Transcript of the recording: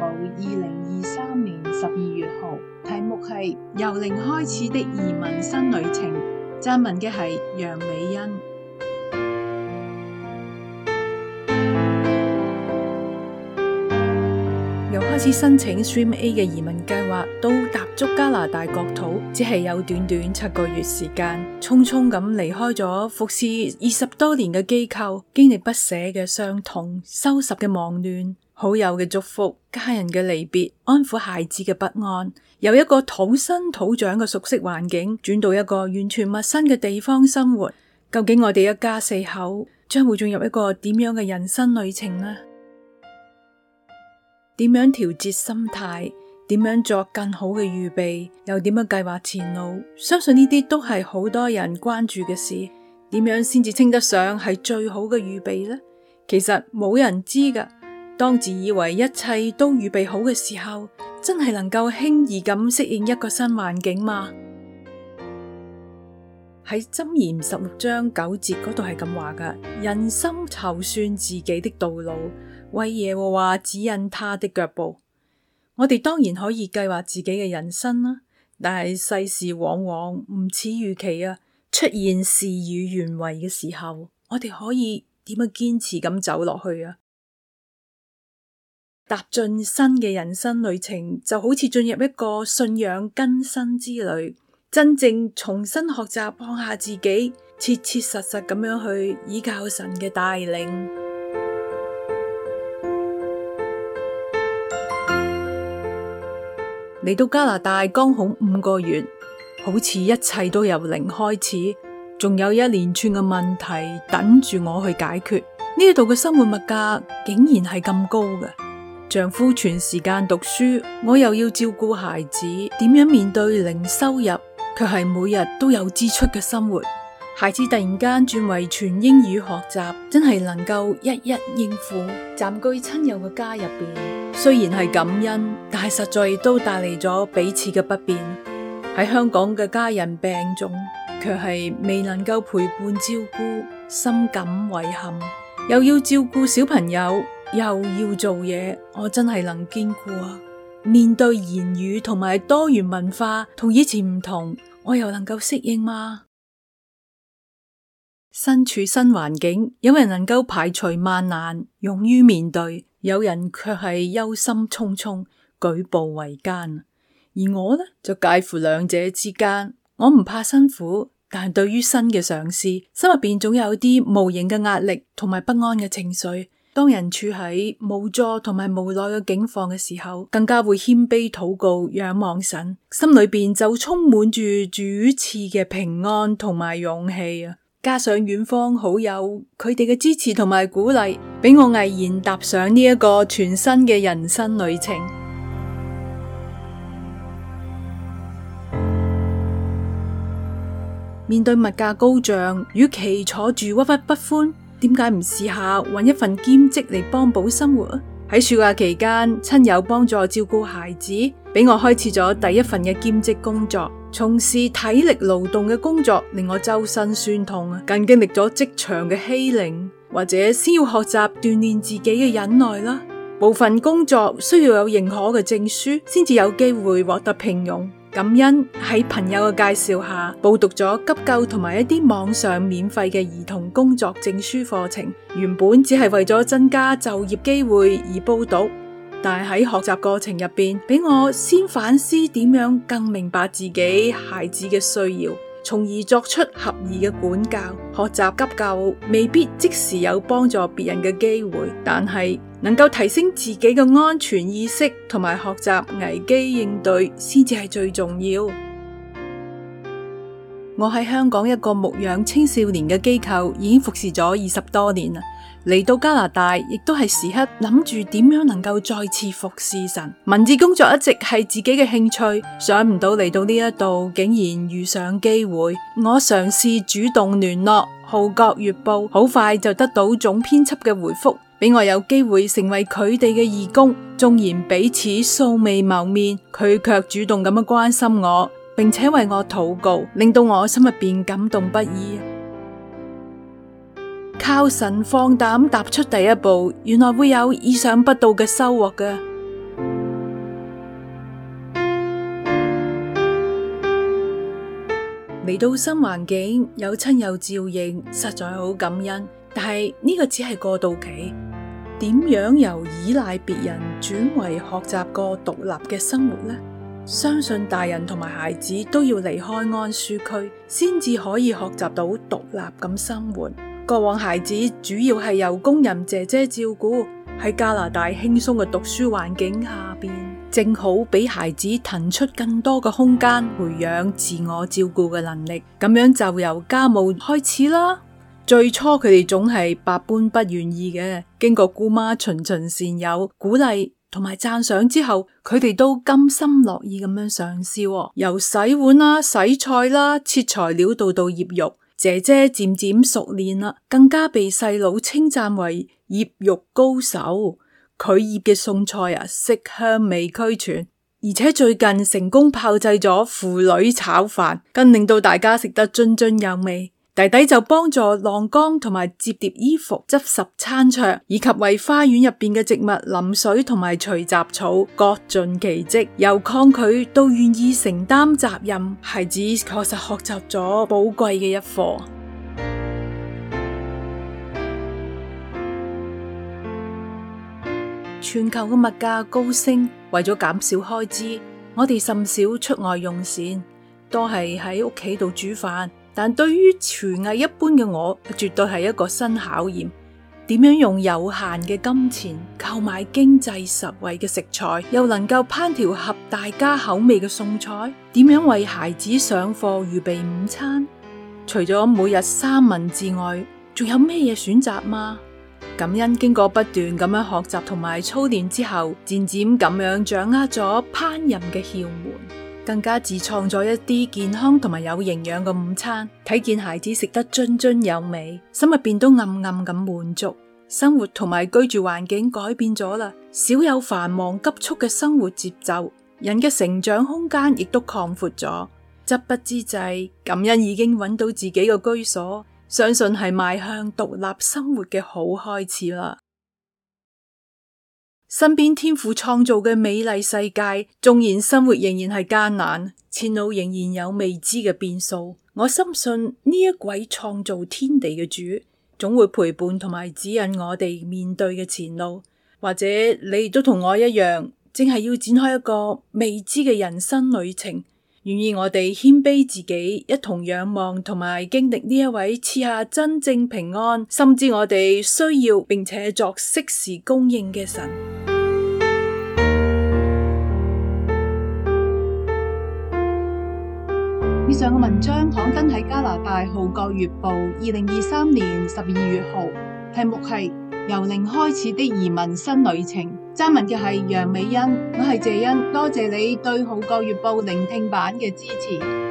報二零二三年十二月號，題目係由零開始的移民新旅程。撰文嘅係楊美欣，由開始申請 Stream A 嘅移民計劃，到踏足加拿大國土，只係有短短七個月時間，匆匆咁離開咗服侍二十多年嘅機構，經歷不捨嘅傷痛，收拾嘅忙亂。好友嘅祝福，家人嘅離別，安撫孩子嘅不安，由一個土生土長嘅熟悉環境轉到一個完全陌生嘅地方生活，究竟我哋一家四口將會進入一個點樣嘅人生旅程呢？點樣調節心態？點樣作更好嘅預備？又點樣計劃前路？相信呢啲都係好多人關注嘅事。點樣先至稱得上係最好嘅預備呢？其實冇人知噶。當自以為一切都預備好嘅時候，真係能夠輕易咁適應一個新環境嗎？喺箴言十六章九節嗰度係咁話噶：人心籌算自己的道路，為耶和華指引他的腳步。我哋當然可以計劃自己嘅人生啦，但係世事往往唔似預期啊！出現事與願違嘅時候，我哋可以點樣堅持咁走落去啊？踏進新嘅人生旅程，就好似進入一個信仰更新之旅，真正重新學習放下自己，切切實實咁樣去依靠神嘅帶領。嚟到加拿大剛好五個月，好似一切都由零開始，仲有一連串嘅問題等住我去解決。呢度嘅生活物價竟然係咁高嘅。丈夫全時間讀書，我又要照顧孩子，點樣面對零收入卻係每日都有支出嘅生活？孩子突然間轉為全英語學習，真係能夠一一應付。暫居親友嘅家入邊，雖然係感恩，但係實在都帶嚟咗彼此嘅不便。喺香港嘅家人病重，卻係未能夠陪伴照顧，深感遺憾。又要照顧小朋友。又要做嘢，我真係能兼顧啊？面對言語同埋多元文化，同以前唔同，我又能夠適應嗎？身處新環境，有人能夠排除萬難，勇於面對，有人卻係憂心忡忡，舉步維艱。而我呢，就介乎兩者之間，我唔怕辛苦，但係對於新嘅嘗試，心入邊總有啲無形嘅壓力同埋不安嘅情緒。當人處喺無助同埋無奈嘅境況嘅時候，更加會謙卑禱告仰望神，心裏邊就充滿住主賜嘅平安同埋勇氣啊！加上遠方好友佢哋嘅支持同埋鼓勵，俾我毅然踏上呢一個全新嘅人生旅程。面對物價高漲，與其坐住鬱郁不歡，點解唔試下搵一份兼職嚟幫補生活？喺暑假期間，親友幫助照顧孩子，俾我開始咗第一份嘅兼職工作。從事體力勞動嘅工作令我周身酸痛，更經歷咗職場嘅欺凌，或者先要學習鍛煉自己嘅忍耐啦。部分工作需要有認可嘅證書，先至有機會獲得聘用。感恩喺朋友嘅介紹下報讀咗急救同埋一啲網上免費嘅兒童工作證書課程，原本只係為咗增加就業機會而報讀，但係喺學習過程入邊，俾我先反思點樣更明白自己孩子嘅需要。從而作出合宜嘅管教。學習急救未必即時有幫助別人嘅機會，但係能夠提升自己嘅安全意識同埋學習危機應對，先至係最重要。我喺香港一個牧養青少年嘅機構，已經服侍咗二十多年啦。嚟到加拿大，亦都係時刻諗住點樣能夠再次服侍神。文字工作一直係自己嘅興趣，想唔到嚟到呢一度竟然遇上機會。我嘗試主動聯絡《號角月報》，好快就得到總編輯嘅回覆，俾我有機會成為佢哋嘅義工。縱然彼此素未謀面，佢卻主動咁樣關心我。並且為我禱告，令到我心入邊感動不已。靠神放膽踏出第一步，原來會有意想不到嘅收穫嘅。嚟到新環境，有親友照應，實在好感恩。但係呢、這個只係過渡期，點樣由依賴別人轉為學習過獨立嘅生活呢？相信大人同埋孩子都要離開安舒區，先至可以學習到獨立咁生活。過往孩子主要係由工人姐姐照顧，喺加拿大輕鬆嘅讀書環境下邊，正好俾孩子騰出更多嘅空間，培養自我照顧嘅能力。咁樣就由家務開始啦。最初佢哋總係百般不願意嘅，經過姑媽循循善誘、鼓勵。同埋讚賞之後，佢哋都甘心樂意咁樣嘗試，由洗碗啦、啊、洗菜啦、啊、切材料到到醃肉，姐姐漸漸熟練啦、啊，更加被細佬稱讚為醃肉高手。佢醃嘅餸菜啊，色香味俱全，而且最近成功炮製咗腐女炒飯，更令到大家食得津津有味。弟弟就幫助晾乾同埋摺疊衣服、執拾餐桌，以及為花園入邊嘅植物淋水同埋除雜草，各盡其職。由抗拒到願意承擔責任，孩子確實學習咗寶貴嘅一課。全球嘅物價高升，為咗減少開支，我哋甚少出外用膳，多係喺屋企度煮飯。但對於廚藝一般嘅我，絕對係一個新考驗。點樣用有限嘅金錢購買經濟實惠嘅食材，又能夠烹調合大家口味嘅餸菜？點樣為孩子上課預備午餐？除咗每日三文治外，仲有咩嘢選擇嗎？感恩經過不斷咁樣學習同埋操練之後，漸漸咁樣掌握咗烹飪嘅竅門。更加自創作一啲健康同埋有營養嘅午餐，睇見孩子食得津津有味，心入邊都暗暗咁滿足。生活同埋居住環境改變咗啦，少有繁忙急促嘅生活節奏，人嘅成長空間亦都擴闊咗。執筆之際，感恩已經揾到自己個居所，相信係邁向獨立生活嘅好開始啦。身邊天父創造嘅美麗世界，縱然生活仍然係艱難，前路仍然有未知嘅變數。我深信呢一位創造天地嘅主，總會陪伴同埋指引我哋面對嘅前路。或者你亦都同我一樣，正係要展開一個未知嘅人生旅程。願意我哋謙卑自己，一同仰望同埋經歷呢一位賜下真正平安，深知我哋需要並且作適時供應嘅神。以上嘅文章刊登喺加拿大《號角月報》二零二三年十二月號，題目係《由零開始的移民新旅程》。撰文嘅係楊美欣，我係謝欣，多謝你對《號角月報》聆聽版嘅支持。